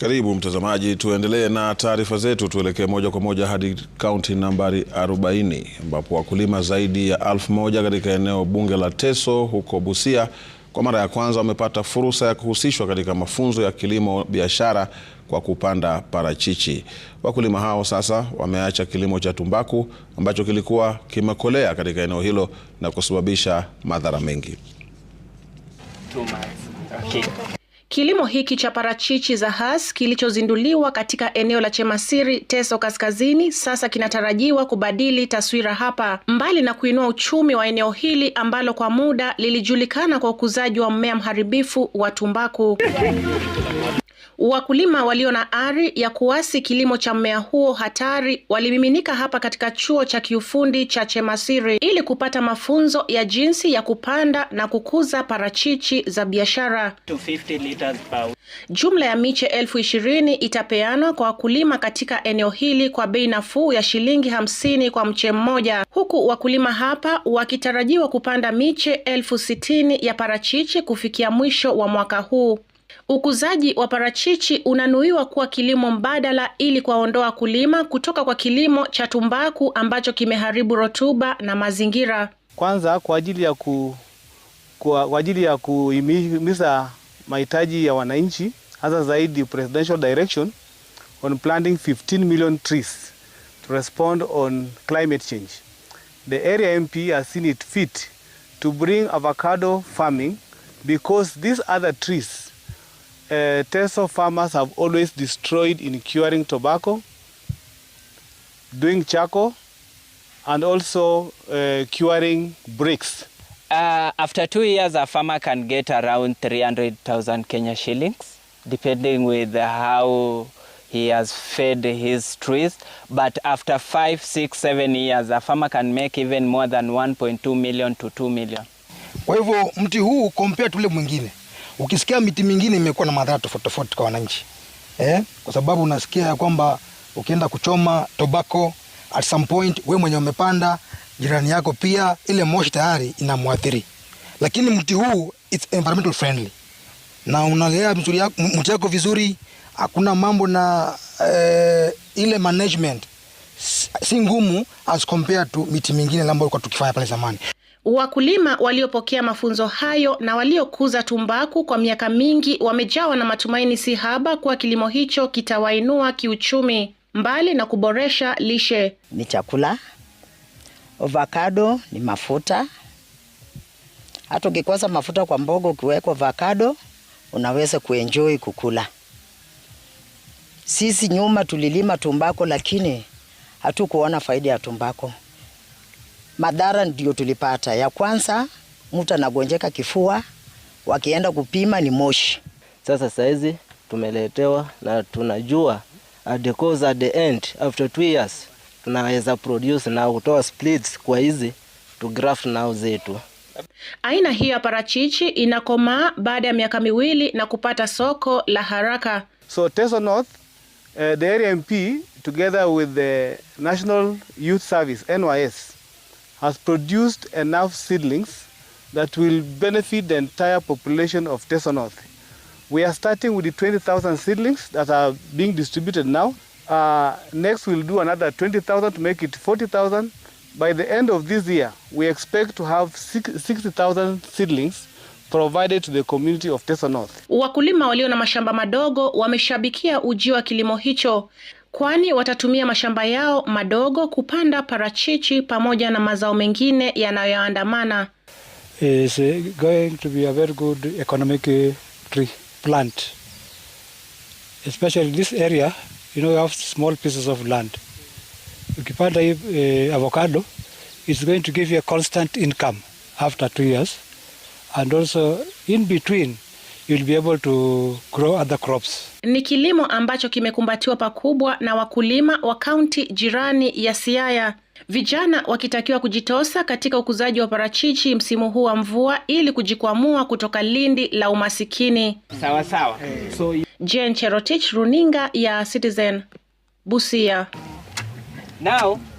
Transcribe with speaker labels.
Speaker 1: Karibu mtazamaji, tuendelee na taarifa zetu. Tuelekee moja kwa moja hadi kaunti nambari 40 ambapo wakulima zaidi ya elfu moja katika eneo bunge la Teso huko Busia kwa mara ya kwanza wamepata fursa ya kuhusishwa katika mafunzo ya kilimo biashara kwa kupanda parachichi. Wakulima hao sasa wameacha kilimo cha tumbaku ambacho kilikuwa kimekolea katika eneo hilo na kusababisha madhara mengi.
Speaker 2: Okay. Kilimo hiki cha parachichi za Hass kilichozinduliwa katika eneo la Chemasiri, Teso Kaskazini, sasa kinatarajiwa kubadili taswira hapa. Mbali na kuinua uchumi wa eneo hili ambalo kwa muda lilijulikana kwa ukuzaji wa mmea mharibifu wa tumbaku Wakulima walio na ari ya kuasi kilimo cha mmea huo hatari walimiminika hapa katika chuo cha kiufundi cha Chemasiri ili kupata mafunzo ya jinsi ya kupanda na kukuza parachichi za biashara. Jumla ya miche elfu ishirini itapeanwa kwa wakulima katika eneo hili kwa bei nafuu ya shilingi hamsini kwa mche mmoja, huku wakulima hapa wakitarajiwa kupanda miche elfu sitini ya parachichi kufikia mwisho wa mwaka huu. Ukuzaji wa parachichi unanuiwa kuwa kilimo mbadala ili kuwaondoa kulima kutoka kwa kilimo cha tumbaku ambacho kimeharibu rotuba na mazingira.
Speaker 3: Kwanza kwa ajili ya ku, kwa, kwa ajili ya kuhimiza mahitaji ya wananchi hasa zaidi presidential direction on planting 15 million trees to respond on climate change. The area MP has seen it fit to bring avocado farming because these other trees uh, Teso farmers have always destroyed in curing tobacco, doing charcoal, and also uh, curing bricks.
Speaker 4: Uh, after two years, a farmer can get around 300,000 Kenya shillings, depending with how he has fed his trees. But after five, six, seven years, a farmer can make even more than 1.2 million to 2 million.
Speaker 5: Kwa hivyo mti huu compare tule mwingine Ukisikia miti mingine imekuwa na madhara tofauti tofauti kwa wananchi eh, kwa sababu unasikia ya kwamba ukienda kuchoma tobacco at some point, wewe mwenye umepanda, jirani yako pia, ile moshi tayari inamwathiri. Lakini mti huu it's environmental friendly na unalea mti yako vizuri, hakuna mambo na eh, ile management si ngumu as compared to miti mingine ambayo tulikuwa tukifanya pale zamani.
Speaker 2: Wakulima waliopokea mafunzo hayo na waliokuza tumbaku kwa miaka mingi wamejawa na matumaini si haba kuwa kilimo hicho kitawainua kiuchumi, mbali na kuboresha lishe.
Speaker 6: Ni chakula, ovakado ni mafuta. Hata ukikosa mafuta kwa mboga, ukiwekwa ovakado unaweza kuenjoy kukula. Sisi nyuma tulilima tumbako, lakini hatukuona faida ya tumbako madhara ndio tulipata. Ya kwanza mtu anagonjeka kifua, wakienda kupima ni moshi.
Speaker 7: Sasa saizi tumeletewa na tunajua at the cause at the end after two years tunaweza produce na kutoa splits kwa hizi to graft nao zetu.
Speaker 2: Aina hii ya parachichi inakomaa baada ya miaka miwili na kupata soko la haraka.
Speaker 3: So Teso North, uh, the area MP together with the National Youth Service NYS has produced enough seedlings that will benefit the entire population of Teso North. We are starting with the 20,000 seedlings that are being distributed now. Uh, next, we'll do another 20,000 to make it 40,000. By the end of this year, we expect to have 60,000 seedlings provided to the community of Teso North.
Speaker 2: Wakulima walio na mashamba madogo wameshabikia ujio wa kilimo hicho kwani watatumia mashamba yao madogo kupanda parachichi pamoja na mazao mengine yanayoandamana.
Speaker 8: Is uh, going to be a very good economic uh, tree plant. Especially this area, you know, have small pieces of land. Ukipanda hii eh, uh, avocado, it's going to give you a constant income after two years. And also in between you'll be able to grow other crops.
Speaker 2: Ni kilimo ambacho kimekumbatiwa pakubwa na wakulima wa kaunti jirani ya Siaya, vijana wakitakiwa kujitosa katika ukuzaji wa parachichi msimu huu wa mvua ili kujikwamua kutoka lindi la umasikini. Sawa sawa. So, Jane Cherotich, runinga ya Citizen, Busia. Now